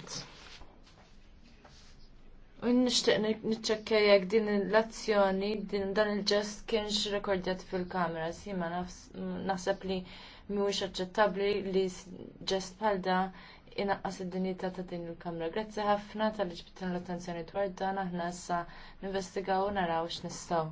President. U nishtiq nitċekkja din l-azzjoni, din dan il-ġest kienx rekordjat fil-kamera, sima naħseb li mhuwiex aċċettabbli li ġest palda inaqqas id-dinjità ta' din il-kamra. Grazzi ħafna tal-li ġbitna l-attenzjoni dwar dan aħna issa ninvestigaw naraw x'nistgħu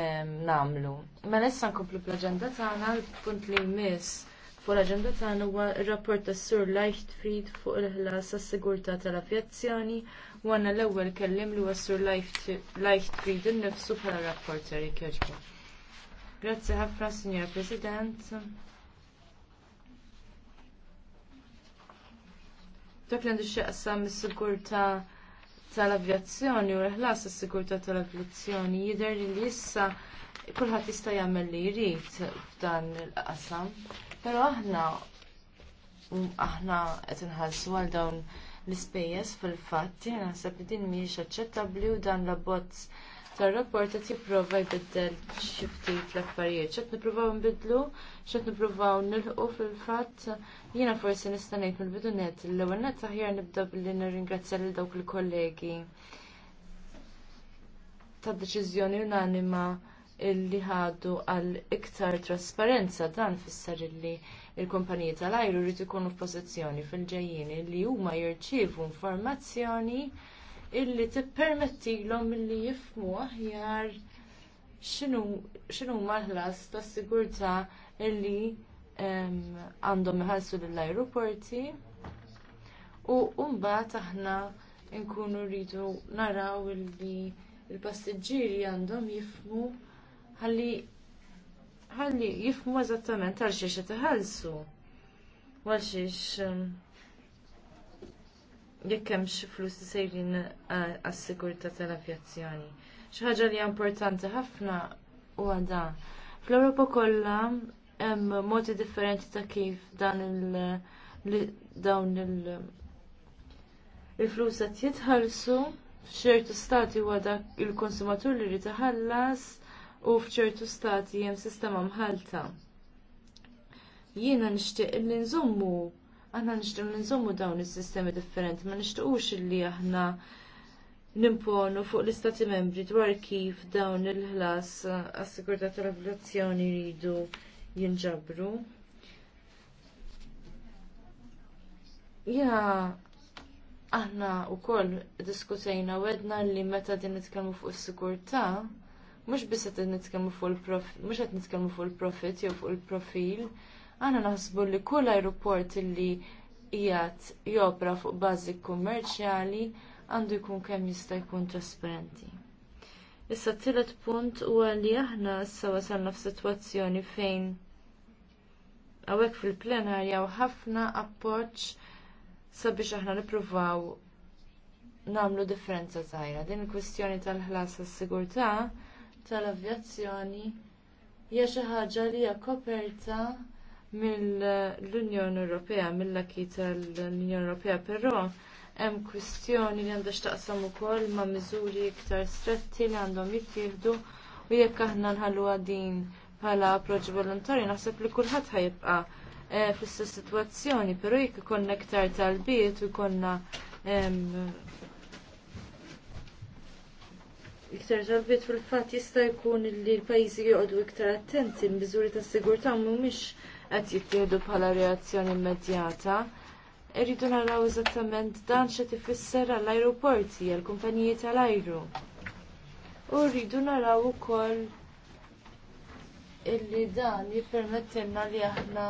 ehm, nagħmlu. Ma mela issa nkomplu bl-aġenda tagħna l-punt li jmiss fuq l-aġenda tagħna huwa r-rapport tas-Sur Lightfried fuq il-ħlas għas-sigurtà tal-avjazzjoni u għandna l-ewwel kellim li huwa Sur Lightfried innifsu bħala rapporter jekk Grazzi ħafna, Signor President. Dak li għandu xieqsam mis sigurtà tal-avjazzjoni u l-ħlas għas-sigurtà tal-avjazzjoni jidher li issa kulħadd jista' jagħmel li jrid f'dan il-qasam, però aħna aħna qed inħallsu għal dawn l-ispejjeż fil-fatt jien naħseb li din mhijiex aċċettabbli u dan l-abbozz tar-rapport qed jipprova jbiddel xi ftit fl affarijiet X'qed nippruvaw nbidlu, x'qed nippruvaw nilħu fil-fatt jiena forsi nista' ngħid mill-bidu net l-ewwel net aħjar nibda billi nirringrazzja lil dawk il-kollegi tad-deċiżjoni unanima illi ħadu għal iktar trasparenza dan fisser illi l kumpaniji tal-ajru rrid ikunu f'pożizzjoni fil-ġejjini li huma jirċievu informazzjoni illi tippermettilhom milli jifhmu aħjar x'inhu ħlas tas-sigurtà illi għandhom iħallsu lill-ajruporti u mbagħad aħna nkunu rridu naraw illi l-passiġġieri għandhom jifhmu ħalli ħalli jifmu eżattament għal xiex tħallsu. Għal xiex um, jekk hemm xi flus sejrin uh, għas-sigurtà tal-avjazzjoni. Xi ħaġa li importanti ħafna huwa dan. Fl-Ewropa kollha hemm modi differenti ta' kif dan il dawn il il-flus qed jitħallsu f'ċertu stati huwa dak il-konsumatur li jrid iħallas u fċertu stati hemm sistema mħalta. Jiena nixtieq li nżommu aħna nixtieq li nżommu dawn is-sistemi differenti, ma nixtiequx li aħna nimponu fuq l-istati membri dwar kif dawn il-ħlas għas-sigurtà tal-avjazzjoni jridu jinġabru. Ja, aħna wkoll diskutejna u għedna li meta din nitkellmu fuq is-sigurtà, mhux biss qed nitkellmu fuq il-profit, mhux qed nitkellmu fuq il-profit jew fuq il-profil. Għana naħsbu li kull ajruport li qiegħed jopra fuq bażi kummerċjali għandu jkun kemm jista' jkun trasparenti. Issa t-tielet punt huwa li aħna issa wasalna f'sitwazzjoni fejn hawnhekk fil-plenarja u ħafna appoġġ sabiex aħna nippruvaw nagħmlu differenza żgħira. Din il kwestjoni tal-ħlas s sigurtà tal-avjazzjoni hija xi ħaġa li hija koperta mill-Unjoni Ewropea, mill-akki tal-Unjoni Ewropea, però hemm kwistjoni li għandha x'taqsam ukoll ma' miżuri iktar stretti li għandhom jittieħdu u jekk aħna nħallu din bħala approċċ volontarju naħseb li kulħadd ħajibqa' eh, fl-istess sitwazzjoni, però jekk ikollna iktar talbiet u jkollna iktar ġalbiet fil-fat jista' jkun li l-pajjiżi joqogħdu iktar attenti l-miżuri ta' sigurtà mhumiex qed jittieħdu bħala reazzjoni immedjata. Irridu naraw eżattament dan x'qed ifisser għall-ajruporti għall-kumpaniji tal-ajru. U rridu naraw ukoll illi dan jippermettilna li aħna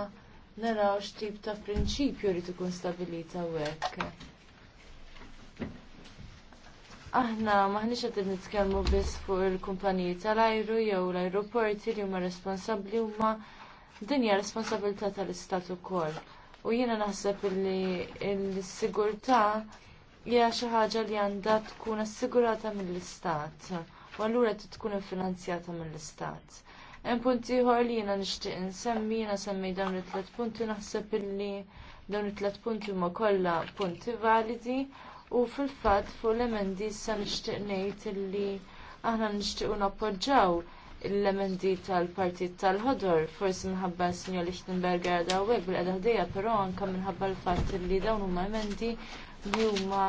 naraw x'tip ta' prinċipju rrid ikun stabilita hekk aħna maħniċ għed nitkellmu biss fuq il-kumpaniji tal-ajru jew l-ajruporti li huma responsabbli huma dinja responsabilità tal-istat ukoll. U jiena naħseb li l-sigurtà hija xi ħaġa li għandha tkun assigurata mill-istat u allura tkun finanzjata mill-istat. Hemm punti ieħor li jiena nixtieq insemmi, jiena semmej dawn it tlet punti naħseb illi dawn it tlet punti huma kollha punti validi U fil-fatt fuq l-emendi sa nixtieq ngħid illi aħna nixtiequ nappoġġjaw l-emendi tal-Partit tal-Ħodor, forsi minħabba s-Sinjor Lichtenberger da għek bil ħdejha, però anke minħabba l-fatt li dawn huma emendi li huma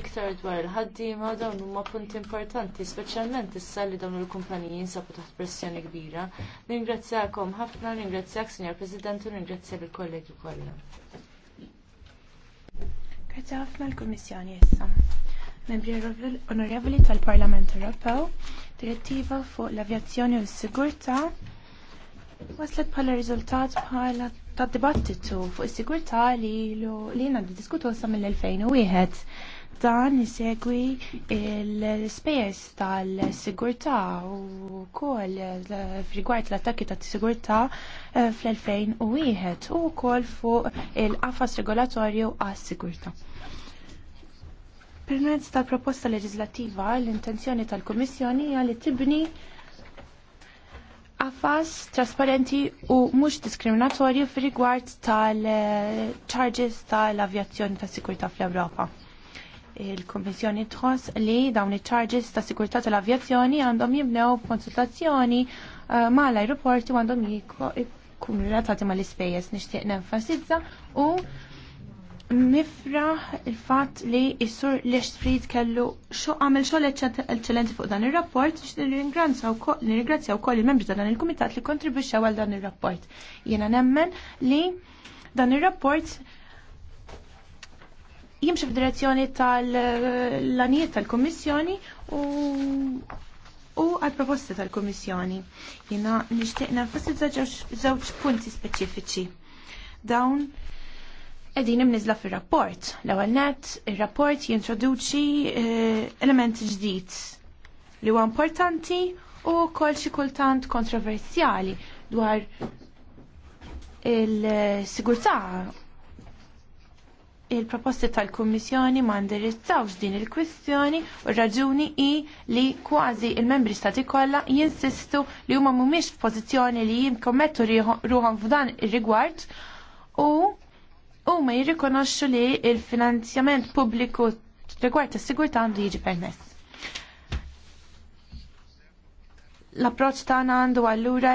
iktar dwar il-ħaddiema dawn huma punti importanti, speċjalment issa li dawn il-kumpaniji jinsabu taħt pressjoni kbira. Ningrazzjakom ħafna, ningrazzjak Sinjor President u ningrazzjak il-kollegi kollha. Grazie ħafna l-Kummissjoni issa. Membri onorevoli tal-Parlament Ewropew, direttiva fuq l-avjazzjoni u s-sigurtà waslet bħala riżultat bħala ta' dibattitu fuq is-sigurtà li jiena diskutu sa mill-2001 dan isegwi l-spejjeż tal-sigurtà u wkoll rigward l-attakki tas-sigurtà eh, fl-2001 u wkoll fuq il-qafas regolatorju għas-sigurtà. Permezz tal-proposta leġislattiva l-intenzjoni tal-Kummissjoni hija li tibni għafas trasparenti u mhux diskriminatorju fir rigward tal-charges eh, tal-avjazzjoni tas-sigurtà fl-Ewropa il-Kommissjoni tħoss li dawn il charges ta' sigurtà tal-avjazzjoni għandhom jibnew konsultazzjoni eh, ma' l-aeroporti għandhom jkunu relatati ma' l-ispejjeż nixtieq nenfasizza u nifraħ il-fatt li s-sur Lex kellu xo għamil xogħol eċċellenti fuq dan ir-rapport nirringrazzja wkoll il-membri ta' dan il-kumitat li kontribwixxew għal dan ir-rapport. Jiena nemmen li dan ir-rapport jimxi f'direzzjoni tal laniet tal-Kommissjoni u u għal proposti tal-Kommissjoni. Jina nishtiq nafassi żewġ punti speċifiċi. Dawn edin imnizla fil-rapport. L-ewwel net, ir-rapport jintroduċi eh, element ġdid li huwa importanti u kol xi kultant kontroversjali dwar il-sigurtà il-proposti tal-Kummissjoni ma ndirizzawx din il-kwistjoni u raġuni i li kważi il-membri stati kollha jinsistu li huma mhumiex f'pożizzjoni li jimkommettu ruħom f'dan ir-rigward u huma jirrikonoxxu li il-finanzjament pubbliku rigward is-sigurtà għandu jiġi permess. L-approċċ tagħna għandu allura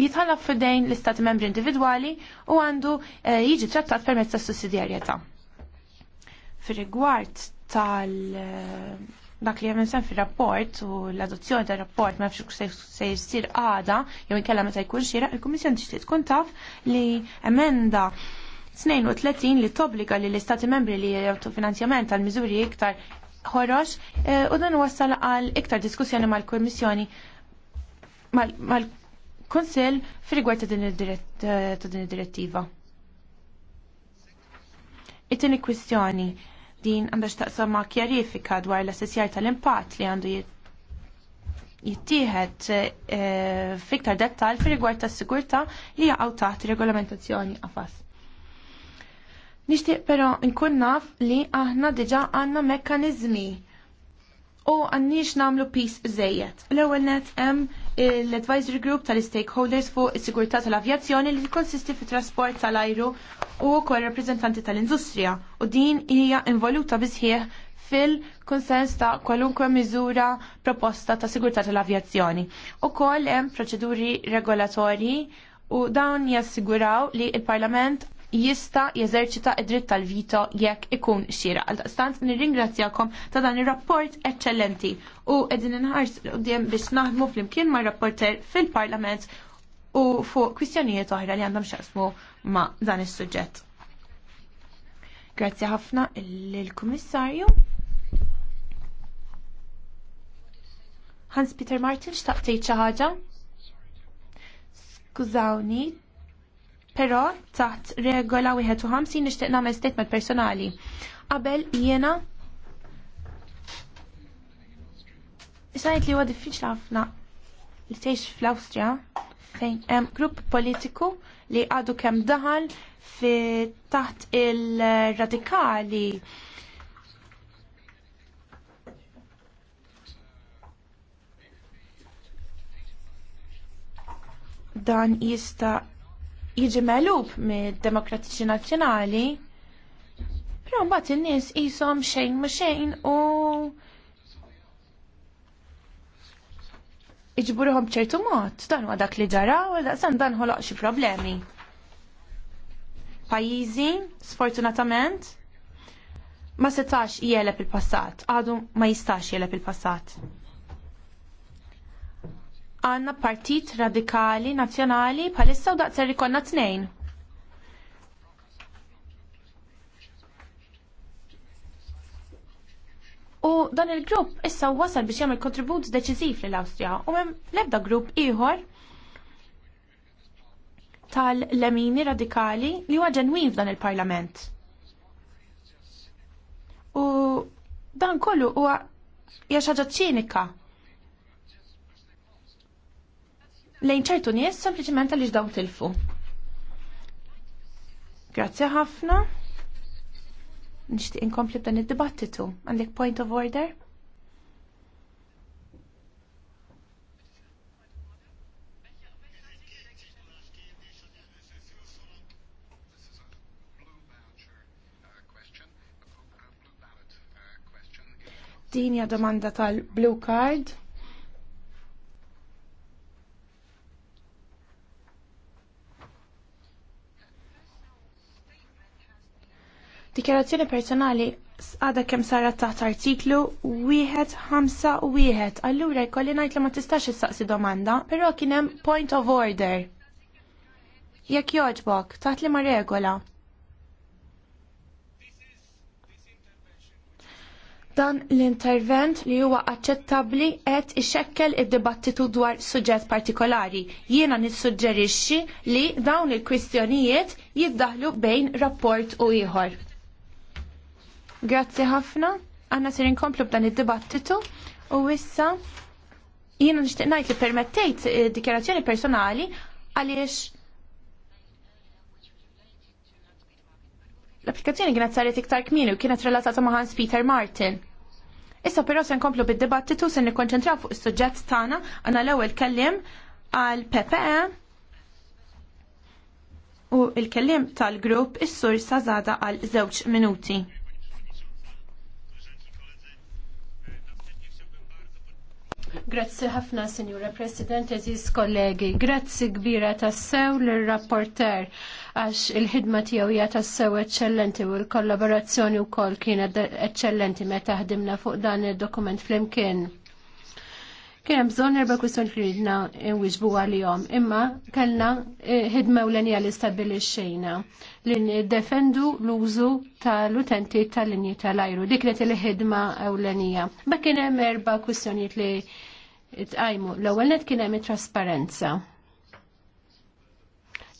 jitħallaf f'dejn l-istati membri individwali u għandu eh, jiġi trattat permezz tas sussidjarjetà. Fir-rigward tal eh, dak li jemmen sen fil-rapport u l-adozzjoni tal rapport ma fxuk se jisir għada jew inkella meta jkun xira, il-Kummissjoni tixtieq tkun taf li emenda 32 li tobbliga li l-Istati membri li jgħatu finanzjament tal miżuri iktar ħorrox eh, u dan wassal għal iktar diskussjoni mal-Kummissjoni mal Kunsill fir-rigward ta' din id-direttiva. it tini kwistjoni din għandha x'taqsam ma' kjarifika dwar l-assessjar tal-impatt li għandu jittieħed eh, fiktar dettal fir-rigward tas-sigurtà li jaqgħu taħt regolamentazzjoni qafas. Nixtieq però nkun naf li aħna diġà għandna mekkaniżmi u għandniex nagħmlu pis żejjed. L-ewwel net hemm l-Advisory Group tal-Stakeholders fuq is-Sigurtà tal-Avjazzjoni li konsisti fit trasport tal-ajru u kol rappreżentanti tal-industrija u din hija involuta biżħieħ fil-konsens ta' kwalunkwe miżura proposta ta' sigurtà tal-avjazzjoni. U koll hemm proċeduri regolatorji u dawn jassiguraw li il-Parlament jista jeżerċita id-dritt tal-vito jekk ikun xira. Għal-stant nirringrazzjakom ta' dan ir-rapport eċċellenti u qegħdin inħars djem biex naħdmu flimkien ma' rapporter fil-Parlament u fuq kwistjonijiet oħra li għandhom xasmu ma' dan is-suġġett. Grazzi ħafna lill-Kummissarju. Hans Peter Martin, xtaqtejt xi ħaġa? Skużawni, Però taħt regola 51 nixtieq nagħmel statement personali. Qabel jiena Sajt li huwa diffiċli ħafna li tgħix fl-Awstrija fejn hemm grupp politiku li għadu kemm daħal fi taħt il-radikali dan jista jiġi melub mid-demokratiċi nazzjonali, però mbagħad in-nies qishom xejn ma xejn u iġburuhom bċertu mod, dan huwa dak li ġara u daqsan dan ħoloq xi problemi. Pajjiżi, sfortunatament, ma setax jeleb il-passat, għadu ma jistax jeleb il-passat għanna partit radikali nazjonali bħalissa u daqser ikonna tnejn. U dan il-grupp issa wasal biex jagħmel kontribut deċiżiv lill awstrija u hemm l-ebda grupp ieħor tal-lemini radikali li huwa ġenwin f'dan il-parlament. U dan kollu huwa hija xi ċinika lejn ċertu nies sempliċement għaliex dawn tilfu. Grazzi ħafna. Nixtieq inkompli b'dan id-dibattitu. Għandek point of order? Din hija domanda tal-blue card. Dikjarazzjoni personali għada kem sarat taħt artiklu wieħed ħamsa wieħed. Allura jkolli ngħid li ma tistax issaqsi domanda, però kien hemm point of order. Jekk jogħġbok, taħt li ma regola. dan l-intervent li huwa aċċettabbli qed ixekkel id-dibattitu dwar suġġett partikolari. Jiena nissuġġerixxi li dawn il-kwistjonijiet jiddaħlu bejn rapport u ieħor. Grazzi ħafna. Aħna ser inkomplu b'dan id-dibattitu u issa jiena nixtieq ngħid li permettejt eh, dikjarazzjoni personali għaliex l-applikazzjoni kienet saret iktar kmini u kienet relatata ma' Hans Peter Martin. Issa però se nkomplu bid-dibattitu se nikkonċentraw fuq is-suġġett tagħna għandna l-ewwel kellim għal PPE u l kellim tal-grupp is-sur Sazada għal żewġ minuti. Grazzi ħafna, Signora President, eżis kollegi. Grazzi kbira tassew l-rapporter għax il-ħidma tiegħu hija tas-sew eċċellenti u l-kollaborazzjoni wkoll kienet eċċellenti meta ħdimna fuq dan id-dokument flimkien. Kien hemm bżonn erba' kwistjoni li ridna nwiġbu għalihom, imma kellna eh, ħidma l li stabbilixxejna li defendu l-użu tal-utenti tal-linji tal-ajru. Dik li il-ħidma ewlenija. Ma kien hemm erba' kwistjonijiet li tqajmu. L-ewwel net kien hemm it-trasparenza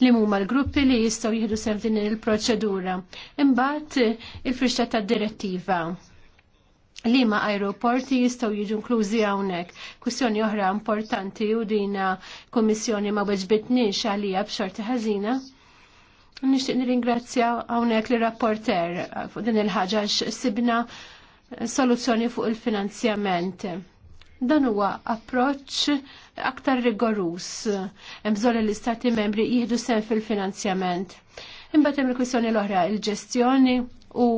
li huma l-gruppi li jistgħu jieħdu sew din il-proċedura. Imbagħad il frixta tad-direttiva li ma aeroporti jistaw jiġu inklużi hawnhekk. Kwistjoni oħra importanti u dina kummissjoni ma weġbitniex għalija b'xorti ħażina. Nixtieq ingrazzja hawnhekk li rapporter fuq din il-ħaġa sibna soluzzjoni fuq il-finanzjament. Dan huwa approċċ aktar rigoruż hemm bżonn l-istati membri jieħdu sen fil-finanzjament. Imbagħad hemm il kwissjoni l-oħra il-ġestjoni u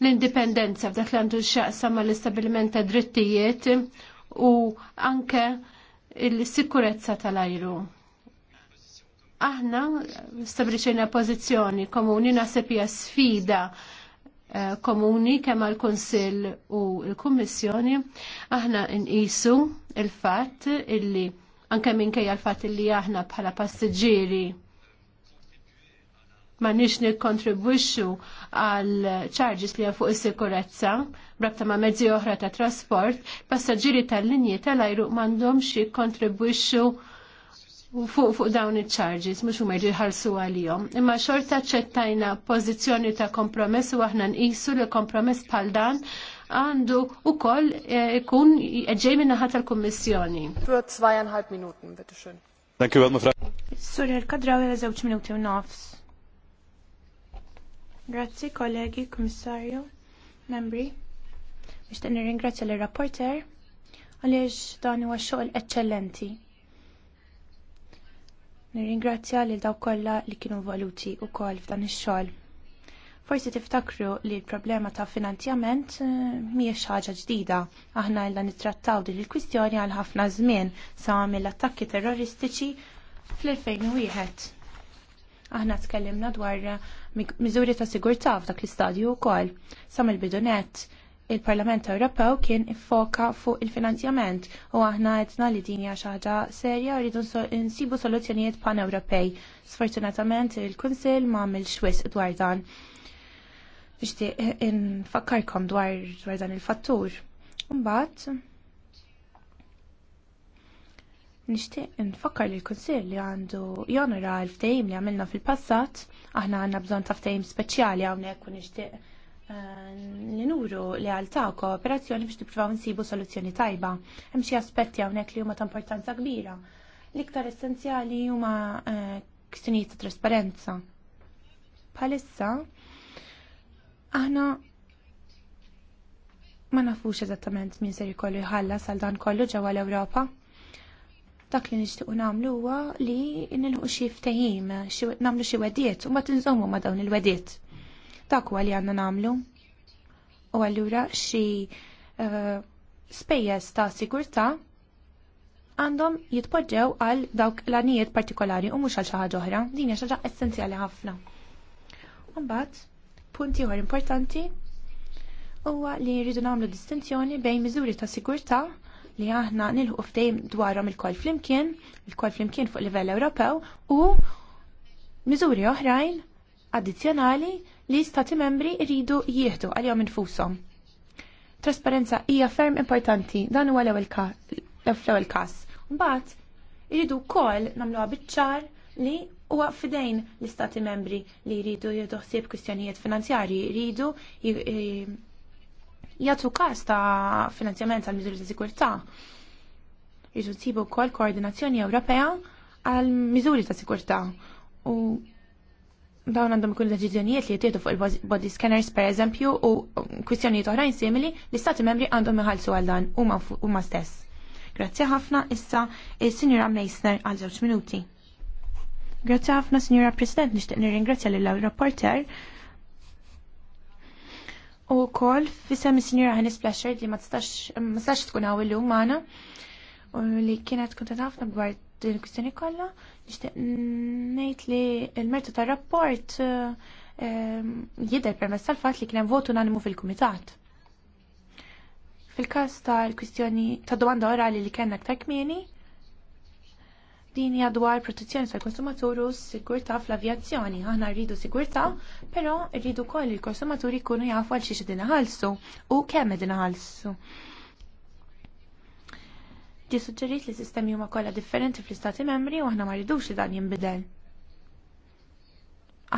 l-indipendenza f'dak li għandu xaqsa ma l-istabilment ta' drittijiet u anke l-sikurezza tal-ajru. Aħna stabliċejna pożizzjoni komuni nasib hija sfida eh, komuni kemm għal kunsill u l-Kummissjoni, aħna nqisu il-fatt illi anke minkejja l-fatt illi aħna bħala passiġġieri ma nix nikkontribwixxu għal charges li fuq is-sikurezza brabta ma' mezzi oħra ta' trasport, passaġġieri tal-linji tal-ajru m'għandhomx jikkontribwixxu fuq fuq dawn iċ-charges mhux huma jħallsu għalihom. Imma xorta ċettajna pożizzjoni ta' kompromess u aħna nqisu li kompromess bħal dan għandu koll eh, ikun ġej ħat tal-Kummissjoni. Für 2,5 Minuten, bitteschön. Danke, Sur il-kadrawi għal żewġ minuti u nafs. Grazzi kollegi, kummissarju, membri. Nixtieq nirringrazzja l rapporter għaliex dan huwa xogħol eċċellenti. Nirringrazzja lil daw kollha li kienu u wkoll f'dan ix-xogħol. Forsi tiftakru li l-problema ta' finanzjament eh, mhijiex ħaġa ġdida. Aħna illa nittrattaw din il-kwistjoni għal ħafna żmien sa' għamil attakki terroristiċi fl-2001 Aħna tkellimna dwar miżuri ta' sigurtà f'dak l-istadju wkoll. Sa mill-bidunet il-Parlament Ewropew kien iffoka fuq il-finanzjament u aħna għedna li din hija xi ħaġa serja u rridu nsibu soluzzjonijiet pan-Ewropej. Sfortunatament il-Kunsill għamil xwiss dwar dan. Biex infakkarkom dwar dwar dan il-fattur. Mbagħad Nixtieq nfakkar li l-Kunsill li għandu jonora l-ftehim li għamilna fil-passat, aħna għandna bżonn ta' ftehim speċjali hawnhekk u nixtieq eh, li nuru li għalta kooperazzjoni biex nippruvaw nsibu soluzzjoni tajba. Hemm xi aspetti hawnhekk li huma ta' importanza kbira. L-iktar essenzjali huma eh, kwistjonijiet ta' trasparenza. Bħalissa aħna ma nafux eżattament min ser jkollu jħallas għal dan kollu ġewwa l-Ewropa. Dak li nixtiequ nagħmlu huwa li nilħu xi ftehim, nagħmlu xi wediet u ma tinżommu ma' dawn il-wediet. Dak huwa li għandna nagħmlu. U allura xi e, spejjeż ta' sigurtà għandhom jitpoġġew għal dawk l-anijiet partikolari u mhux għal xi ħaġa oħra, din hija xi ħaġa essenzjali ħafna. Mbagħad, punti ieħor importanti huwa li jridu nagħmlu distinzjoni bejn miżuri ta' sigurtà li aħna nilħu ftejm dwarhom il-kol flimkien, il-kol flimkien fuq livell Ewropew u miżuri oħrajn addizzjonali li stati membri jridu jieħdu għal-jom infushom. Trasparenza hija ferm importanti dan huwa l-ewwel każ. Mbagħad iridu wkoll nagħmluha biċ-ċar li huwa fidejn l-istati membri li jridu jieħdu ħsieb kwistjonijiet finanzjarji, jridu eh, jgħatu każ ta' finanzjament għal miżuri ta' sikurtà. Jgħu tsibu wkoll koordinazzjoni Ewropea għal miżuri ta' sikurtà. U dawn għandhom ikun deċiżjonijiet li jtietu fuq il-body scanners eżempju, u kwistjonijiet oħrajn simili li stati membri għandhom iħallsu għal dan huma stess. Grazzi ħafna issa il-Sinjura Meissner għal żewġ minuti. Grazzi ħafna Sinjura President nixtieq nirringrazzja lill rapporter u kol fissem il-sinjura Hannes Blasher li ma tistax tkun għaw il-lum maħna u li kienet t tafna dwar il-kustjoni kolla nishtiq nejt li il-mertu ta' rapport eh, jider permess tal-fat li kienem votu unanimu fil-komitat fil-kas tal-kwistjoni ta' domanda orali li kena aktar kmieni, din hija dwar protezzjoni tal konsumatur u sigurtà fl-avjazzjoni. Aħna rridu sigurtà, però rridu wkoll il-konsumaturi jkunu jafu għal xiex din ħalsu u kemm din ħalsu. Ti suġġerit li sistemi huma kollha differenti fl-istati membri u aħna ma rridux li dan jinbidel.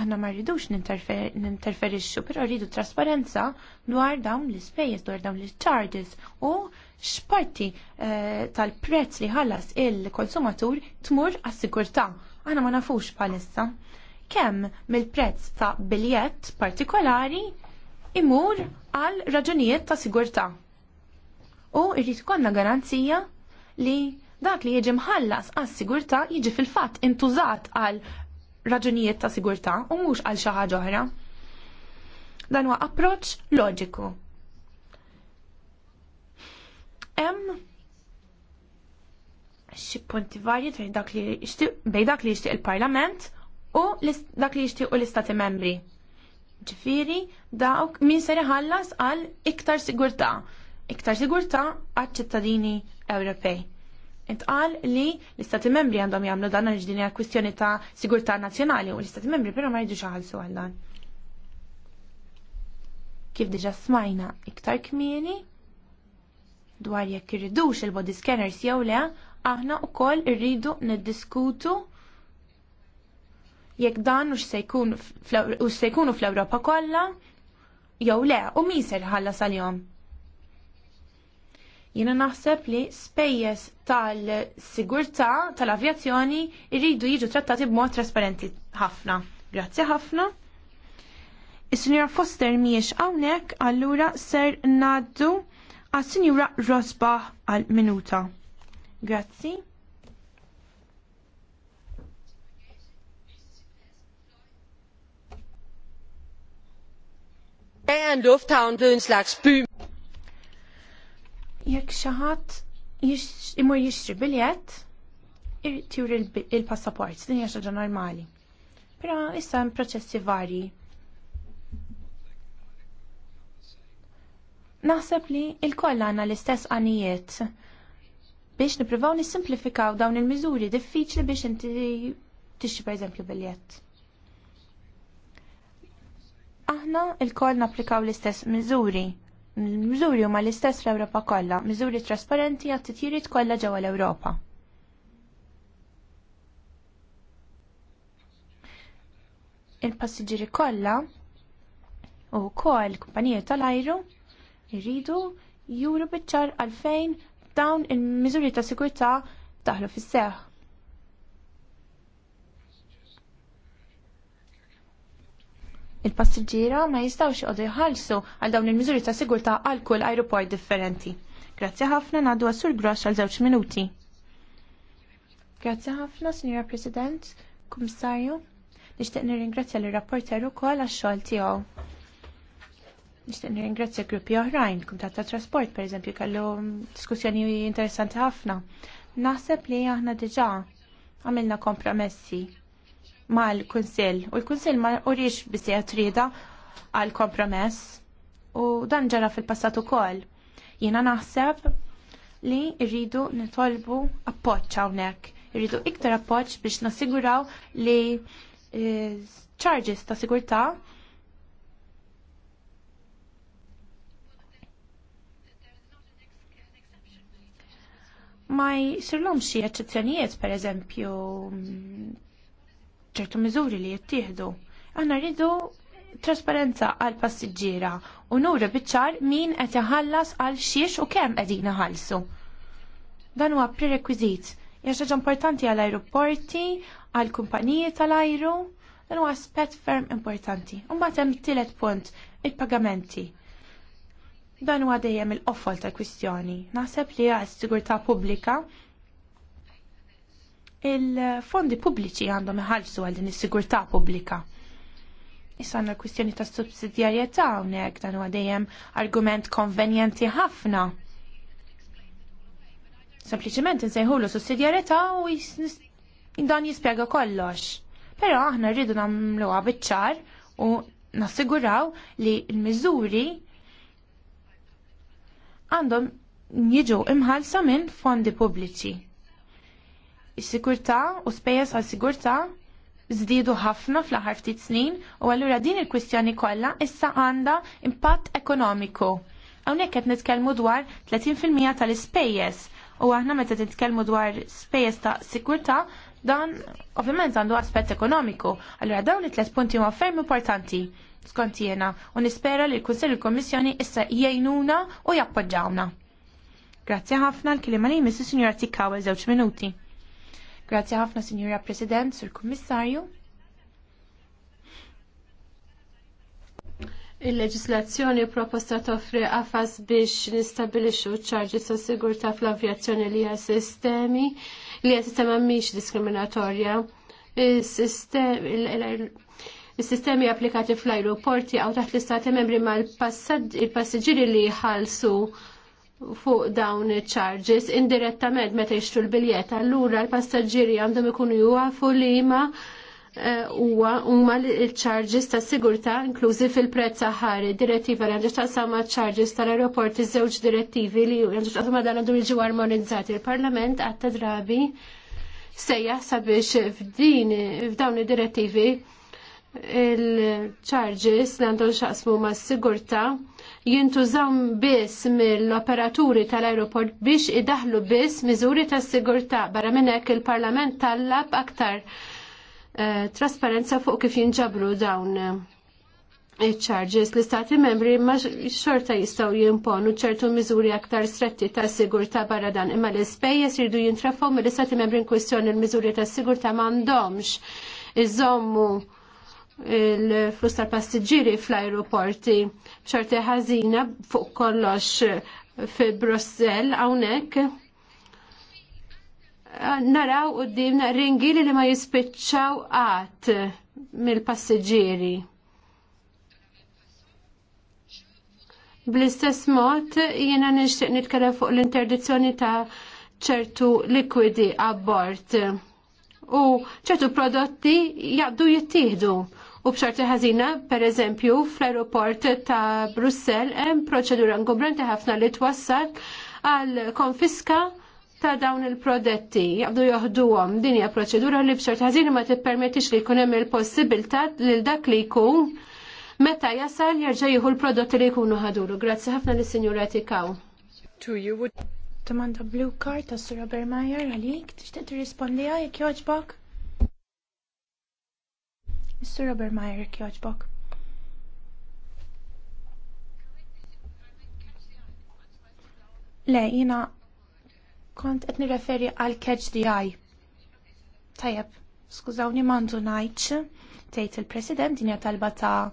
Aħna ma rridux ninterferixxu, però rridu trasparenza dwar dawn l-ispejjeż dwar dawn l-charges u x'parti eh, tal-prezz li ħallas il-konsumatur tmur għas-sigurtà. Aħna ma nafux bħalissa. Kemm mill-prezz ta' biljett partikolari imur għal raġunijiet ta' sigurtà. U irrid ikollna garanzija li dak li jiġi mħallas għas sigurtà jiġi fil-fatt intużat għal raġunijiet ta' sigurtà u mhux għal xi ħaġa oħra. Dan huwa approċċ loġiku Hemm xi punti varji bejn dak li jixtieq il-Parlament u dak li jixtiequ l-Istati Membri. Ġifieri dawk min ser iħallas għal iktar sigurtà, iktar sigurtà għaċ-ċittadini Ewropej. Intqal li l-Istati Membri għandhom jagħmlu dan għal ġdini kwistjoni ta' sigurtà nazzjonali u l-Istati Membri però ma jridux ħallsu għal dan. Kif diġà smajna iktar kmieni, dwar jekk irridux il-body scanners jew le, aħna wkoll irridu niddiskutu jekk dan u se jkunu fl-Ewropa kollha jew le u min se jħallas għalihom. Jiena naħseb li spejjeż tal-sigurtà tal-avjazzjoni rridu jiġu trattati b'mod trasparenti ħafna. Grazzi ħafna. is sinjora Foster miex hawnhekk, allura ser naddu għas-Sinjura Rosba għal-minuta. Grazzi. en lufthavn blev en slags by. Jekk xi ħadd imur jixtri biljett, irtjur il-passaport, din hija xi normali. Però issa hemm proċessi varji Naħseb li il-koll għanna l-istess għanijiet biex niprivaw nisimplifikaw dawn il-miżuri diffiċli biex inti tixi per eżempju biljett. Aħna il-koll naplikaw l-istess miżuri. Miżuri huma l-istess l-Ewropa kollha, miżuri trasparenti għat titjiriet kollha ġewwa l-Ewropa. Il-passiġġieri kollha u wkoll l-kumpanijiet tal-ajru Irridu juru biċċar għalfejn dawn il-miżuri ta' sigurtà taħlu fis-seħ. Il-passiġġiera ma jistgħux jqogħdu jħallsu għal dawn il-miżuri ta' sigurtà għal kull ajruport differenti. Grazzi ħafna ngħaddu għas-sur għal żewġ minuti. Grazzi ħafna, Sinjora President, Kummissarju. Nixtieq nirringrazzja l-rapporter ukoll għax-xogħol tiegħu. Nishtiq nirringrazzja gruppi oħrajn, kumtat ta' trasport, per eżempju, kellu diskussjoni interessanti ħafna. Naħseb li aħna diġa għamilna kompromessi mal-Kunsill u l-Kunsill ma uriex bisija trida għal kompromess u dan ġara fil-passat ukoll. Jiena naħseb li rridu nitolbu appoġġ hawnhekk. Irridu iktar appoġġ biex nassiguraw li eh, charges ta' sigurtà ma jisirlom xie eccezzjonijiet, per eżempju, ċertu miżuri li jittieħdu. Għanna rridu trasparenza għal passiġġiera u nura biċċar min qed jaħallas għal xiex u kemm qegħdin ħalsu. Dan huwa prerekwiżit. Hija ħaġa importanti għal ajruporti, għal kumpaniji tal-ajru, dan huwa aspett ferm importanti. U mbagħad hemm tielet punt, il-pagamenti. Dan huwa dejjem il qofol ta' kwistjoni. Naħseb li għas sigurtà pubblika il-fondi pubbliċi għandhom iħallsu għal din is-sigurtà pubblika. Issa għandna l-kwistjoni ta' subsidjarjetà hawnhekk dan huwa dejjem argument konvenjenti ħafna. Sempliċement insejħulu sussidjarjetà u dan jispjega kollox. Però aħna rridu nagħmluha biċ-ċar u nassiguraw li l-miżuri għandhom jiġu imħalsa minn fondi pubbliċi. is sigurtà u spejjeż għal-sigurtà żdiedu ħafna fl-aħħar ftit snin u allura din il-kwistjoni kollha issa għandha impatt ekonomiku. Hawnhekk qed nitkellmu dwar 30% tal-ispejjeż u aħna meta titkellmu dwar spejjeż ta' sikurtà dan ovvjament għandu aspett ekonomiku. Allura dawn it-tlet punti huma ferm importanti skont jiena u nispera li l-Kunsell il-Kommissjoni issa jgħinuna u jappoġġawna. Grazzi ħafna l-kelima li jmissu Sinjura Tikkaw żewġ minuti. Grazzi ħafna Sinjura President, Sur Kummissarju. Il-leġislazzjoni proposta toffri għafas biex nistabilixu ċarġi ta' sigurta fl-avjazzjoni li hija sistemi li għal sistema miex diskriminatorja. Is-sistemi applikati fl-ajruporti għaw taħt l-istati membri ma l-passiġġieri li jħallsu fuq dawn charges indirettament meta jixtru l-biljet. Allura l-passaġġieri għandhom ikunu jafu li ma eh, huwa huma l-charges ta' sigurtà inklużi fil-prezz id Direttiva li għandux sama charges tal-aeroport iż-żewġ direttivi li għandux taqsam dan għandhom jiġu armonizzati. Il-Parlament għatta drabi sejja sabiex f'dawn id-direttivi il-charges li għandhom xaqsmu ma' sigurta jintużaw biss mill-operaturi tal-aeroport biex idaħlu biss miżuri ta' sigurta barra minn hekk il-Parlament tallab aktar eh, trasparenza fuq kif jinġabru dawn eh, il-charges li stati membri ma xorta jistaw jimponu ċertu miżuri aktar stretti ta' sigurta barra dan imma l-ispejjeż jridu jintrafaw mill-istati membri in kwistjoni l-miżuri ta' sigurta m'għandhomx iżommu il-flus tal-passiġġieri fl-aeroporti b'xorti ħażina fuq kollox fi Brussell hawnhekk. Naraw qudiemna ringili li ma jispiċċaw qatt mill-passiġġieri. Bl-istess mod jiena nixtieq nitkellem fuq l-interdizzjoni ta' ċertu likwidi abbord u ċertu prodotti jaqdu jittieħdu. U b'xorti ħażina, per eżempju, fl-aeroport ta' Brussell hemm proċedura ngobranti ħafna li twassal għal konfiska ta' dawn il-prodetti jaqdu joħduhom din hija proċedura li bċarti ħażina ma tippermettix li jkun hemm il-possibilità lil dak li jkun meta jasal jerġa' jieħu l-prodotti li jkunu ħaduru. Grazzi ħafna lis sinjura Tikaw. Tamanda blue card ta' Sura Bermajer għalik, tixtieq tirrispondi jekk jogħġbok? Mr. Robert Meyer, kjoġbok. Le, jina kont qed nirreferi għal catch the eye. Tajjeb, skużawni mandu najċ, tgħid il-President dinja talba ta'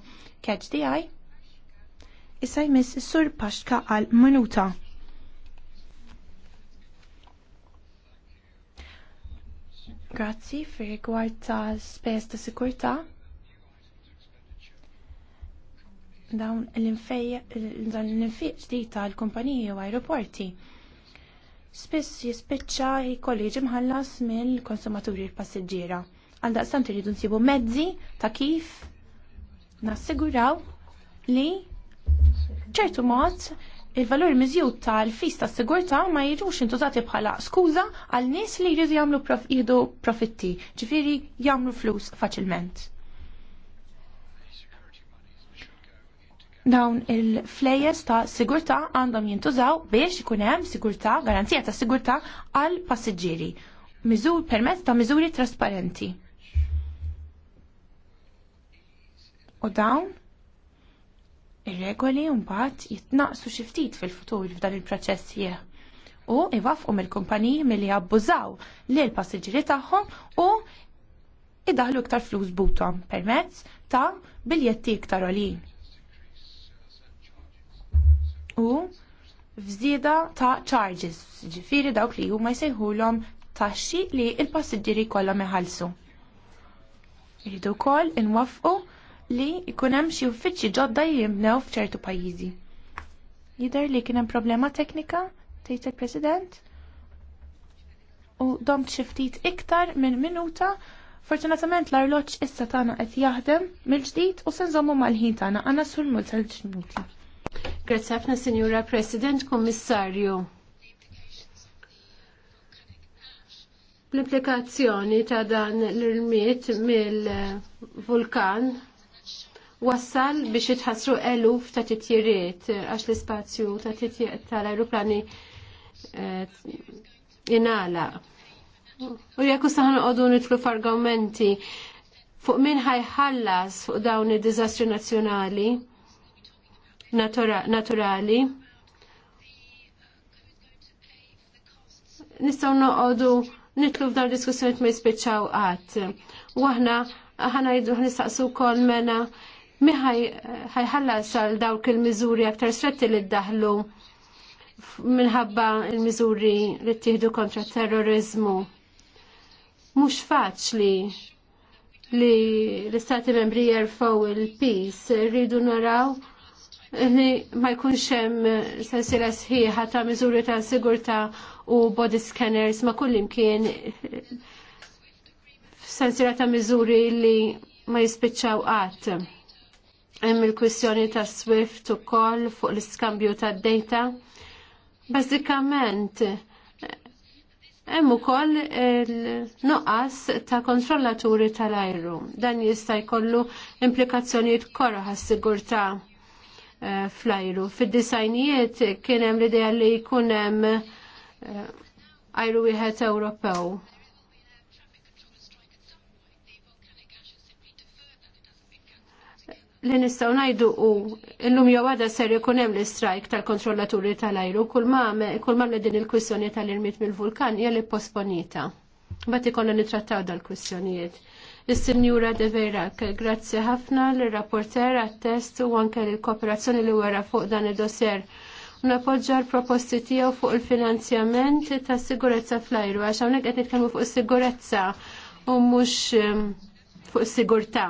catch the eye. Issa jmiss sur Paxka għal minuta. Grazzi fir rigward ta' spes ta' sikurta' dawn l infej ġdid tal-kumpaniji u aeroporti. Spiss jispiċċa jkollu ġimħallas mħallas mill-konsumaturi l-passiġġiera. Għal daqstant irridu nsibu mezzi ta' kif nassiguraw li ċertu mod il-valur miżjud tal-fis ta' sigurta ma jiġux intużati bħala skuża għal nies li jridu jagħmlu prof profitti, ġifieri jagħmlu flus faċilment. dawn il-flejes ta' sigurtà għandhom jintużaw biex ikun hemm sigurtà, garanzija ta' sigurtà għal passiġġieri. Miżur permezz ta' miżuri trasparenti. U dawn ir-regoli mbagħad jitnaqsu xi ftit fil-futur f'dan il-proċess jieħ u iwafqu mill-kumpaniji milli abbużaw li l-passiġġieri tagħhom u idaħlu iktar flus butom permezz ta' biljetti iktar għalin u fżieda ta' charges, ġifiri dawk li huma jsejħulhom taxxi li l-passiġġieri kollhom iħallsu. Irridu wkoll inwaffqu li jkun hemm xi uffiċċji ġodda li jinbnew f'ċertu pajjiżi. Jidher li kien hemm problema teknika, tgħid il-President? U domt xi ftit iktar minn minuta Fortunatament l-arloċ issa tagħna qed jaħdem mill-ġdid u se nżommu mal-ħin tagħna għandna sur tal ġnuti. Grazie ħafna, Signora President, Kommissarju. L-implikazzjoni ta' dan l-irmiet mill-vulkan wassal biex jitħassru eluf ta' titjiriet għax l-ispazju ta' titjiriet tal-aeroplani eh, inala. U jekku saħan għodu nitlu f'argumenti fuq min ħajħallas fuq dawn id-dizastri nazzjonali natura naturali. Nistgħu noqogħdu nitlu f'dan diskussjoniet ma jispiċċaw qatt. Waħna ħanajdu ħnistaqsu wkoll mena miħaj ħajħallas għal dawk il-miżuri aktar stretti li ddaħlu minħabba il-miżuri li ttieħdu kontra terrorizmu. Mhux faċli li l-istati membri jerfaw il-peace, rridu naraw li ma jkunx hemm sensiela sħiħa ta' miżuri ta' sigurtà u body scanners ma' kullimkien sensiela ta' miżuri li ma jispiċċaw qatt. Hemm il-kwistjoni ta' Swift ukoll fuq l-iskambju tad data. Bażikament, Hemm ukoll il-nuqqas ta' kontrollaturi tal-ajru. Dan jista' jkollu implikazzjonijiet korra ħas sigurtà Eh, flajru. Fid-disajnijiet kien hemm l-idea li jkun hemm eh, ajru wieħed Ewropew. li nistaw najdu u illum jew għadha ser ikun hemm l-istrajk tal-kontrollaturi tal-ajru kull ma din il-kwissjoni tal-irmit mill-vulkan hija li posponita. Mbagħad ikollna nitrattaw dal-kwissjonijiet. Is-Sinjura De Vera, grazzi ħafna l-rapporter għat-test u anke l-kooperazzjoni li wera fuq dan id-dossier. Napoġġa l-proposti tiegħu fuq il-finanzjament ta' sigurezza fl-ajru għax hawnhekk qed nitkellmu fuq is-sigurezza u mhux ehm, fuq is-sigurtà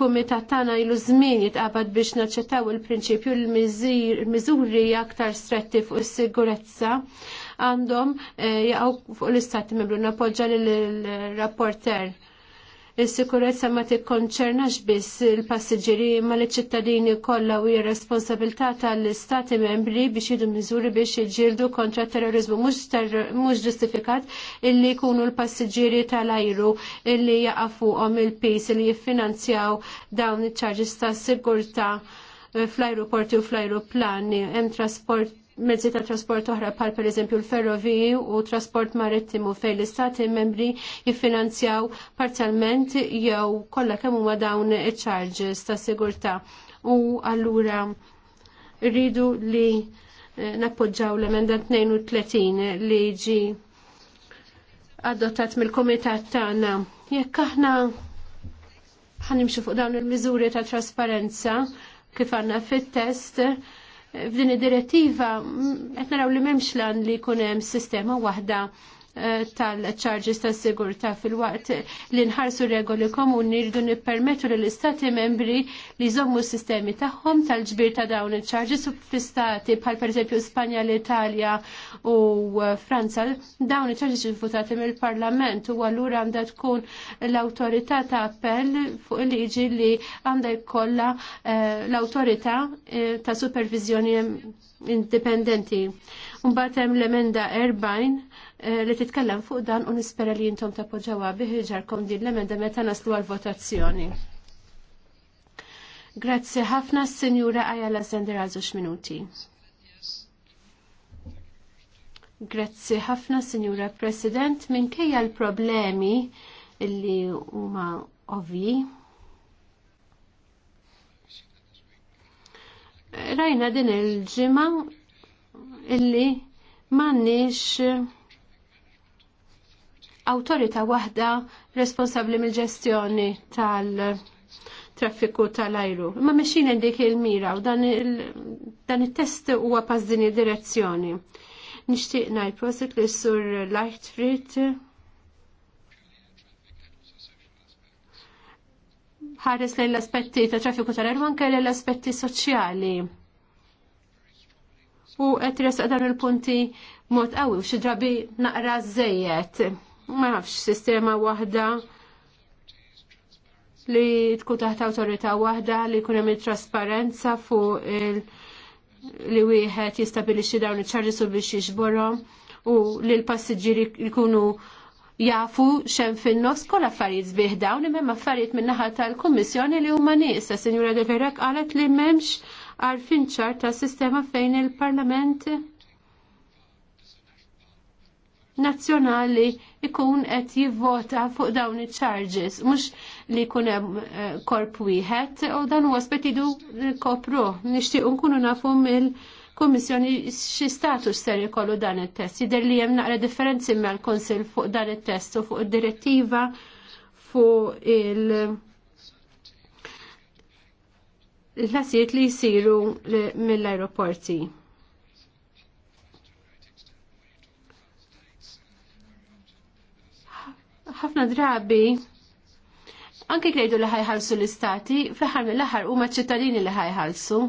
kumitat tagħna ilu żmien jitqabad biex naċċettaw il-prinċipju l-miżuri aktar stretti fuq is-sigurezza għandhom eh, jaqgħu fuq l-istati membru napoġġa l rapporter Is-sikurezza ma tikkonċernax biss il-passiġġieri ma liċ ċittadini kollha u hija responsabilità tal-istati membri biex jidu miżuri biex jiġġieldu kontra terrorizmu mhux ġustifikat illi jkunu l-passiġġieri tal-ajru illi jaqafuhom il-pis li jiffinanzjaw dawn iċ-ċarġis tas-sigurtà eh, fl ajruporti u fl ajruplani hemm trasport mezzi ta' trasport oħra pal per eżempju l-ferrovi u trasport marittimu fej l-istati membri jiffinanzjaw parzialment jew kollha kemm huma dawn iċ-charges ta' sigurtà. U allura rridu li eh, nappoġġaw l-emenda 32 li ġi adottat mill-komitat tagħna. Jekk aħna ħanimxu fuq dawn il-miżuri ta' trasparenza kif għandna fit-test, f'din id-direttiva mm, qed naraw li m'hemmx lan li jkun hemm sistema waħda Eh, tal-ċarġis tas sigurtà fil-waqt li nħarsu regoli komuni rridu nippermettu lill istati membri li jżommu s-sistemi tagħhom tal-ġbir ta' dawn il-ċarġis u fl-istati bħal pereżempju Spanja, l-Italja u eh, Franza dawn il-ċarġis votati mill-Parlament u allura għandha tkun l-awtorità ta' appell fuq il-liġi li għandha jkollha eh, l-awtorità ta' supervizjoni indipendenti. Mbagħad hemm l-emenda 40 eh, li titkellem fuq dan u nispera li jintom tappoġġawha biħiġarkom din l-emenda meta naslu għal-votazzjoni. Grazzi ħafna s-Sinjura Ajala Sender għal minuti. Grazzi ħafna, s-senjura President, minkejja l-problemi li huma ovvi. Rajna din il-ġimgħa illi m'għandniex awtorita waħda responsabbli mill-ġestjoni tal- traffiku tal-ajru. Ma meċin dik il-mira u dan il-test il huwa pass din id-direzzjoni. Nixtieq ngħid prosit li sur Lightfrit ħares lejn l-aspetti ta' traffiku tal-ajru anke lejn l-aspetti soċjali u qed resaq dan il-punti mod qawwi u xi drabi naqra żejjed. Ma nafx sistema waħda li tkun taħt awtorità waħda li jkun hemm trasparenza fuq il- li wieħed jistabilixxi dawn iċ ċarġi su biex jiġborhom u li l-passiġġieri jkunu jafu xem fin-nofs kol affarijiet zbieħ dawn imma affarijiet min-naħa tal-Kummissjoni li huma nieqsa. Sinjura De Verek qalet li m'hemmx għal finċar ta' sistema fejn il-Parlament nazzjonali ikun qed jivvota fuq dawn iċ-charges, mhux li jkun hemm eh, korp wieħed u dan huwa idu kopru nixtiequ nkunu nafu mill kummissjoni xi status ser jkollu dan it-test. Jidher li hemm naqra differenzi mal kunsill fuq dan it-test u fuq id-direttiva fuq il- l-nasijiet li jisiru mill-aeroporti. ħafna drabi anke kredu li ħajħalsu l-istati, fl-ħar mill-ħar u ċittadini li ħajħalsu.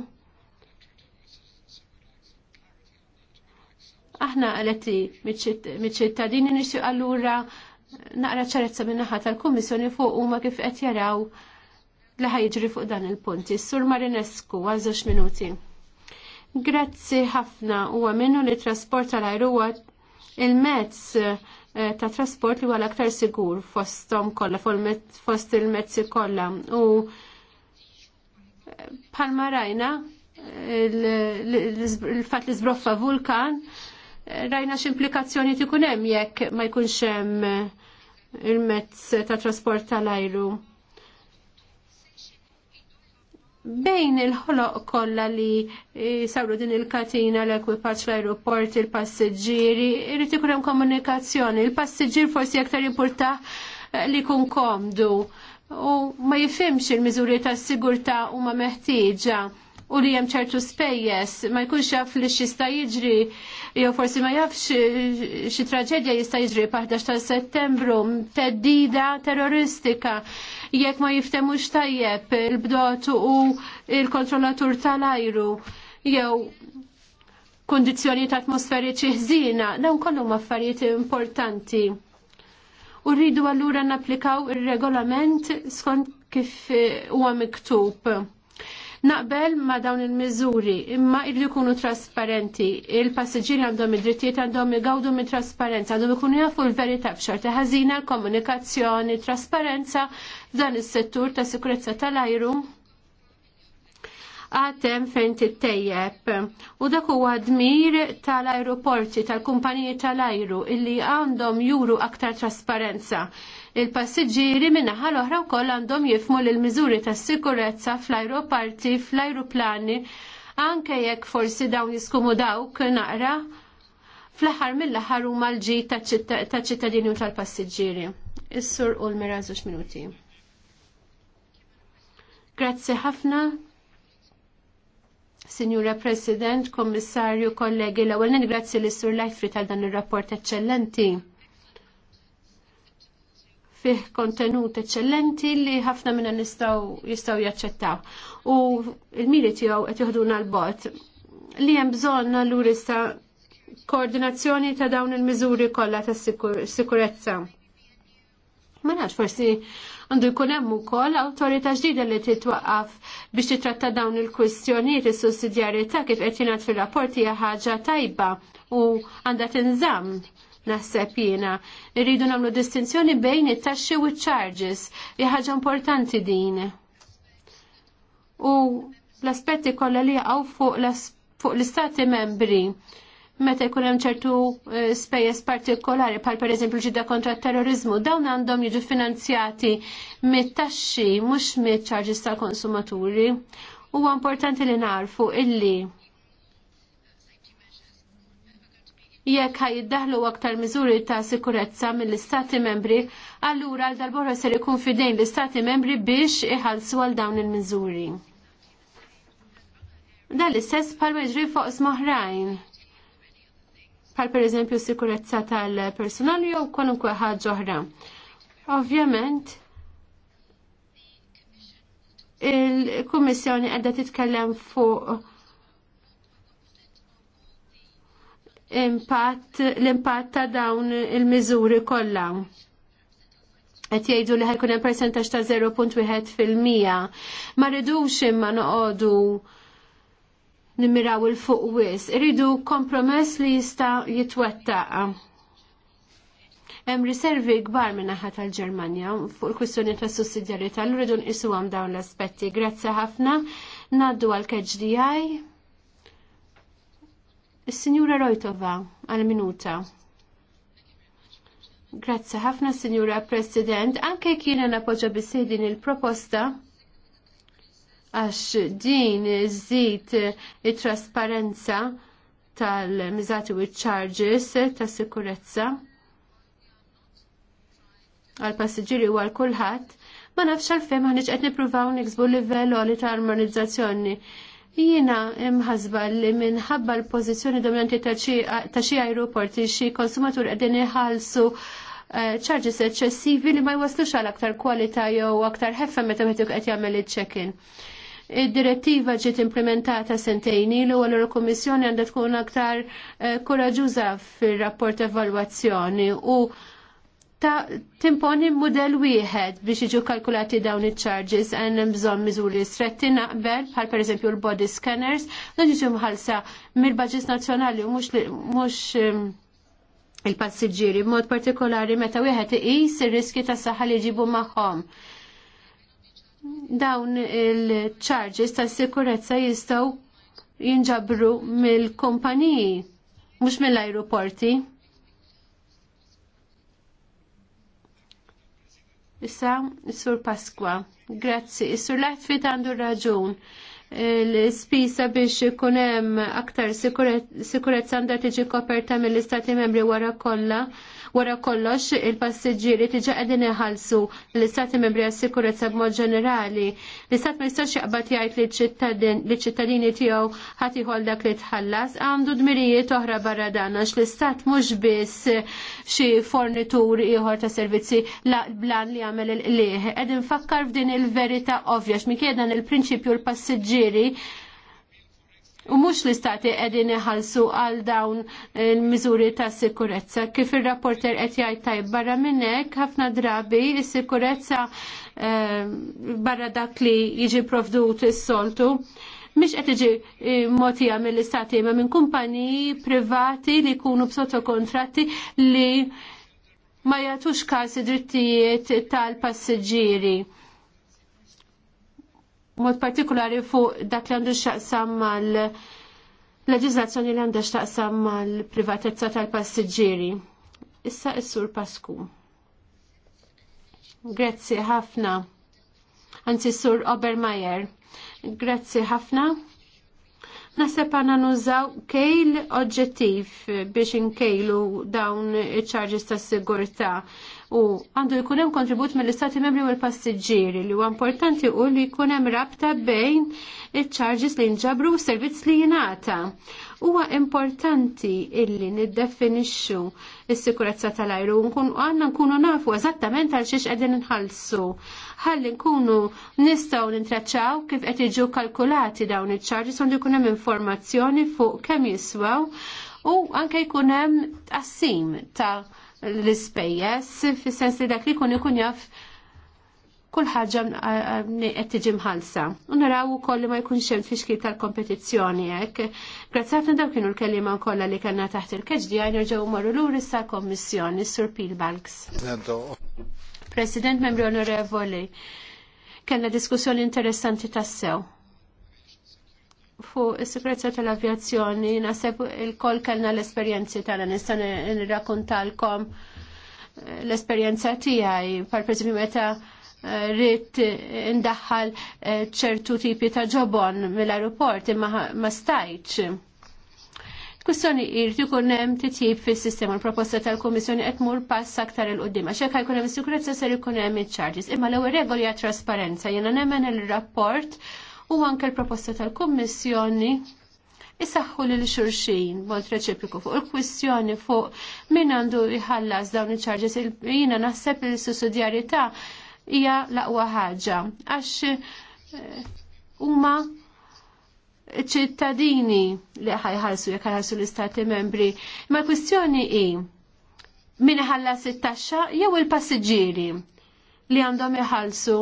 Aħna għaletti mit-ċittadini nixju għallura naqra ċarezza minnaħat tal-Kommissjoni fuq u ma kif qed jaraw li ħajġri fuq dan il-punt. sur Marinescu għal żewġ minuti. Grazzi ħafna huwa minnu li trasport tal-ajru il-mezz eh, ta' trasport li għal aktar sigur fostom kolla, fost il-mezzi kolla. U eh, palma rajna, il-fat eh, li zbroffa vulkan, rajna x'implikazzjoni tikun hemm jekk ma jkunx hemm il-mezz ta' trasport tal-ajru bejn il-ħoloq kollha li e, saru din il-katina l-ekwipaġġ fl-aeroport il-passiġġieri, irid ikun hemm komunikazzjoni. Il-passiġġier forsi aktar importa e, li jkun komdu u ma jifhimx il-miżuri tas-sigurtà huma meħtieġa u li hemm ċertu spejjeż ma jkunx jaf li xista jiġri jew forsi ma jafx xi traġedja jista' jiġri 11 ta' Settembru teddida terroristika jekk ma jiftemux tajjeb il bdotu u il-kontrollatur tal-ajru jew kondizjoni ta' atmosferiċi ħżina, dawn kollu affarijiet importanti. U rridu allura napplikaw ir regolament skont kif huwa miktub. Naqbel ma dawn il-miżuri imma irridu jkunu trasparenti, il-passiġġieri għandhom id-drittijiet għandhom igawdu mit trasparenza għandhom ikunu jafu l-verità b'xorta ħażina, l-komunikazzjoni, trasparenza f'dan is-settur ta' sikurezza tal-ajru għatem fejn tittejjeb. U dak huwa dmir tal-aeroporti, tal-kumpaniji tal-ajru, illi għandhom juru aktar trasparenza. Il-passiġġieri minna l-oħra wkoll għandhom jifmu l miżuri tas sikurezza fl-aeroparti, fl-aeroplani, anke jekk forsi dawn jiskumu dawk naqra fl-aħħar mill-aħħar u l-ġid taċ-ċittadini u tal-passiġġieri. Is-sur u l-mira minuti. Grazzi ħafna. Signora President, Kommissarju, kollegi, l-ewwel ningrazzi l sur Lajfri tal dan ir-rapport eċċellenti. Fih kontenut eċċellenti li ħafna minna nistgħu jistgħu jaċċettaw. U l-miri tiegħu qed jieħduna l-bot li hemm bżonn allura issa koordinazzjoni ta' dawn il-miżuri kollha tas-sikurezza. Ma nafx forsi Għandu jkun hemm ukoll awtorità ġdida li titwaqqaf biex titratta dawn il-kwistjonijiet is-sussidjarjetà kif qed jingħad fir-rapport hija ħaġa tajba u għandha tinżamm naħseb jiena. Irridu nagħmlu distinzjoni bejn it-taxxi u ċ-charges. Hija ħaġa importanti din. U l-aspetti kollha li jaqgħu fuq l-istati membri meta jkun hemm ċertu eh, spejjeż partikolari bħal pereżempju ġidda kontra t terrorizmu dawn għandhom jiġu finanzjati mit-taxxi mhux mit-ċarġis tal-konsumaturi. Huwa importanti li narfu illi jekk ħajiddaħlu aktar miżuri ta' sikurezza mill-istati membri, allura għal darbora ser ikun fidejn l-istati membri biex iħallsu għal dawn il-miżuri. Dan l-istess palma ġri fuq smoħrajn Pal per eżempju sikurezza tal personali jew kwalunkwe ħaġa oħra. Ovvjament, il-Kummissjoni qiegħda titkellem fuq l-impatt ta' dawn il-miżuri kollha qed jgħidu li ħajkun hemm persentaġġ ta' 0.1 fil-mija. Ma rridux imma noqogħdu nimiraw il-fuq wis. Iridu kompromess li jista jitwettaq. Hemm riservi kbar minn naħa tal-Ġermanja fuq il-kwistjoni tas sussidjarjetà l rridu nqisu dawn l-aspetti. Grazzi ħafna. Ngħaddu għal KGDI. Is-Sinjura Rojtova għal minuta. Grazzi ħafna, Sinjura President. Anke appoġġa napoġġa bisidin il-proposta għax din żid it-trasparenza tal-miżati u charges tas sikurezza għal passiġġieri u għal kulħadd ma nafx għalfejn maħniġ qed nippruvaw niksbu livell għali ta' armonizzazzjoni. Jiena imħasba li minħabba l-pożizzjoni dominanti ta' xi ajruporti xi konsumatur qegħdin iħallsu eh, charges eċċessivi li ma jwaslux għal aktar kwalità jew aktar ħeffa meta wieħed qed jagħmel iċ-check-in. Id-direttiva ġiet implementata sentejn ilu għal l komissjoni għandha tkun aktar eh, koraġuża fir-rapport evalwazzjoni u ta' timponi model wieħed biex iġu kalkulati dawn iċ-charges għan bżon miżuri stretti naqbel bħal per eżempju l-body scanners dan iġu mħalsa mill-budget nazzjonali mhux ehm, il-passiġġieri b'mod partikolari meta wieħed iqis ir-riski tas-saħħa li jġibu magħhom dawn il-charges ta' sikurezza jistaw jinġabru mill-kumpaniji, mux mill-aeroporti. Issa, Sur Pasqua, grazzi. Sur Latfit għandu raġun l-spisa biex ikun hemm aktar sikurezza għandha tiġi koperta mill-istati membri wara kollha Wara kollox il-passiġġieri diġà qegħdin iħallsu l-istati membri għas-sikurezza b'mod ġenerali. L-istat ma jistax jaqbad jgħid li ċittadini tiegħu ħadd iħol dak li tħallas għandu dmirijiet oħra barra dan għax l-istat mhux biss xi fornitur ieħor ta' servizzi blan li għamel il-qlieħ. Qegħdin fakkar f'din il-verità ovvja x'minkejja dan il-prinċipju l-passiġġieri U mux l-istati edin iħalsu għal dawn il-mizuri ta' sikurezza. Kif il-rapporter qed jgħid tajb barra minnek, ħafna drabi is-sikurezza eh, barra dak li jiġi provdut is-soltu mish qed tiġi eh, motija mill-istati ma minn kumpaniji privati li jkunu b'sotto kontratti li ma jagħtux każ id-drittijiet tal-passiġġieri mod partikolari fuq dak li għandu xaqsam mal leġizlazzjoni li għandu xaqsam mal privatezza tal-passiġġieri. Issa is-sur Pasku. Grazzi ħafna. Anzi sur Obermeyer. Grazzi ħafna. Naseb għana nużaw kejl oġġettiv biex inkejlu dawn iċ-ċarġis tas sigurtà u għandu jkun hemm kontribut mill-istati membri u l-passiġġieri li huwa importanti u li jkun hemm rabta bejn iċ-charges li nġabru u servizz li jingħata. Huwa importanti illi niddefinixxu s-sikurezza tal-ajru nkun għandna nkunu nafu eżattament għal xiex qegħdin inħallsu. Ħalli nkunu nistgħu nintraċċaw kif qed jiġu kalkulati dawn iċ-charges għandu jkun hemm informazzjoni fuq kemm jiswew u anke jkun hemm tqassim ta' l-ispejjeż fis-sens li dak li jkun ikun jaf kull ħaġa qed tiġi mħallsa. U naraw ukoll li ma jkunx hemm tfixkil tal-kompetizzjoni hekk. Grazzi ħafna kienu l-kelliema kollha li kellna taħt il-keġdi għaj nerġgħu marru lur issa kommissjoni Sur Peel Banks. President Membri Onorevoli, kellna diskussjoni interessanti tassew fuq is sikrezza tal-avjazzjoni naħseb il-koll kellna l-esperjenzi tagħna nista' nirrakkuntalkom eh, l-esperjenza tiegħi par preżempju meta eh, rrit indaħħal eh, ċertu tipi ta' ġobon mill-aeroport imma ma stajċ. Kwistjoni irrid ikun hemm titjib fis-sistema l-proposta tal-Kummissjoni qed mur pass aktar il qudiem għax hekk jkun hemm is-sikurezza ser ikun hemm iċ-charges. Imma l-ewwel regoli għat trasparenza. Jiena nemmen il-rapport u anke l-proposta tal-Kommissjoni isaħħu li l-xurxin mod reċipiku fuq il-kwistjoni fuq min għandu jħallas dawn il-ċarġis jina naħseb il sussudjarita hija laqwa ħaġa għax eh, huma ċittadini li ħajħalsu jekk ħajħalsu l-istati membri. Ma l-kwistjoni hi min ħallas it-taxxa jew il-passiġġieri li għandhom iħallsu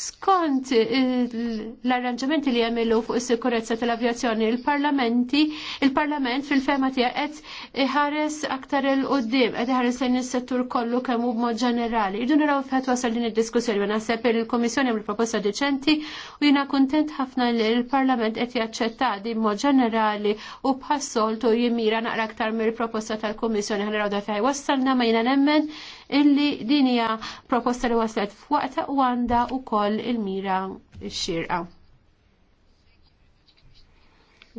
Skont eh, l-arranġamenti li jagħmlu fuq is-sikurezza tal-avjazzjoni, il-parlamenti, il-parlament fil-fema tiegħek qed iħares aktar il qudiem qed iħares lejn is-settur kollu kemm hu b'mod ġenerali. Irdu naraw fejn wasal din id-diskussjoni ma naħseb il-Kummissjoni hemm proposta deċenti u jiena kuntent ħafna li l-Parlament qed jaċċetta din mod ġenerali u bħassoltu jimira naqra aktar mill-proposta tal-Kummissjoni ħanaraw da fejn wassalna ma jiena nemmen illi din hija proposta li waslet f'waqta u għandha wkoll il-mira xirqa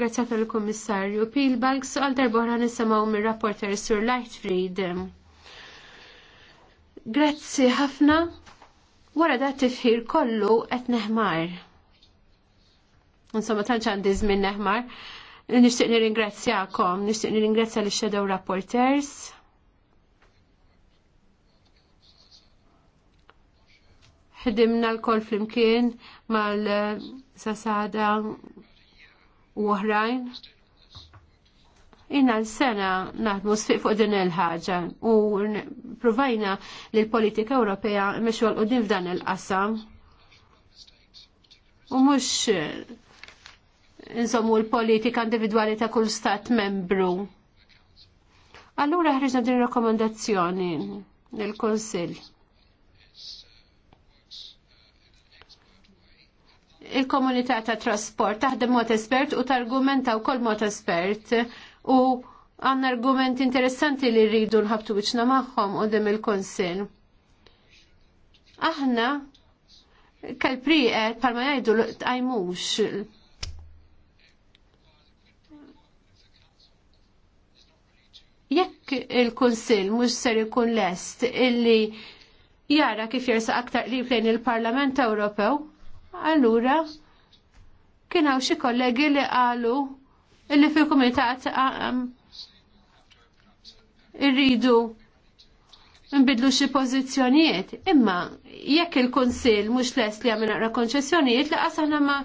Grazie tal kommissarju Pilbalg, suqal darbohra nisimaw mir rapporter Sur Lightfried. Grazzi ħafna, wara da tifħir kollu qed neħmar. Insomma, tantx għandi żmien neħmar. Nixtieq nirringrazzjakom, nixtieq nirringrazzja l-Shadow Rapporters. ħdimna l-kol flimkien mal-sasada eh, u oħrajn. Inna l-sena naħdmu sfiq fuq din il-ħagġa u provajna li l-politika Ewropea meċu għal din f'dan il-qasam. U mux eh, nżommu l-politika individwali ta' kull stat membru. Allura ħriġna din rakkomandazzjoni l-Konsil. il-komunità ta' trasport taħdem mod espert u targumentaw kol mod espert u għandna argument interessanti li rridu nħabtu wiċċna magħhom qudiem il-Kunsill. Aħna kalpriqet eh, palma jgħidu tqajmux jekk il-Kunsill mhux ser ikun lest illi jara kif jersa aktar li il-Parlament Ewropew, allura kien hawn xi kollegi li qalu illi fil-kumitat irridu nbidlu xi pożizzjonijiet. Imma jekk il-Kunsill mhux les li għamil naqra konċessjonijiet li aħna ma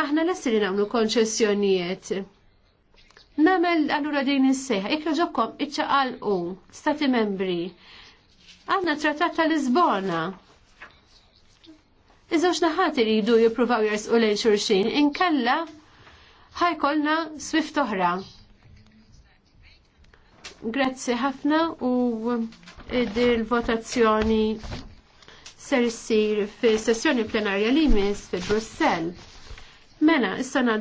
maħna les li nagħmlu konċessjonijiet. Namel allura din is sejħa jekk ġobkom iċċaqalqu stati membri. Għandna trattat ta' Lisbona Iżoċ naħat iridu jippruvaw jersqu lejn xurxin, inkella ħajkolna swift oħra. Grazzi ħafna u il-votazzjoni ser issir fis sessjoni plenarja li jmiss fi Brussell. Mena, issa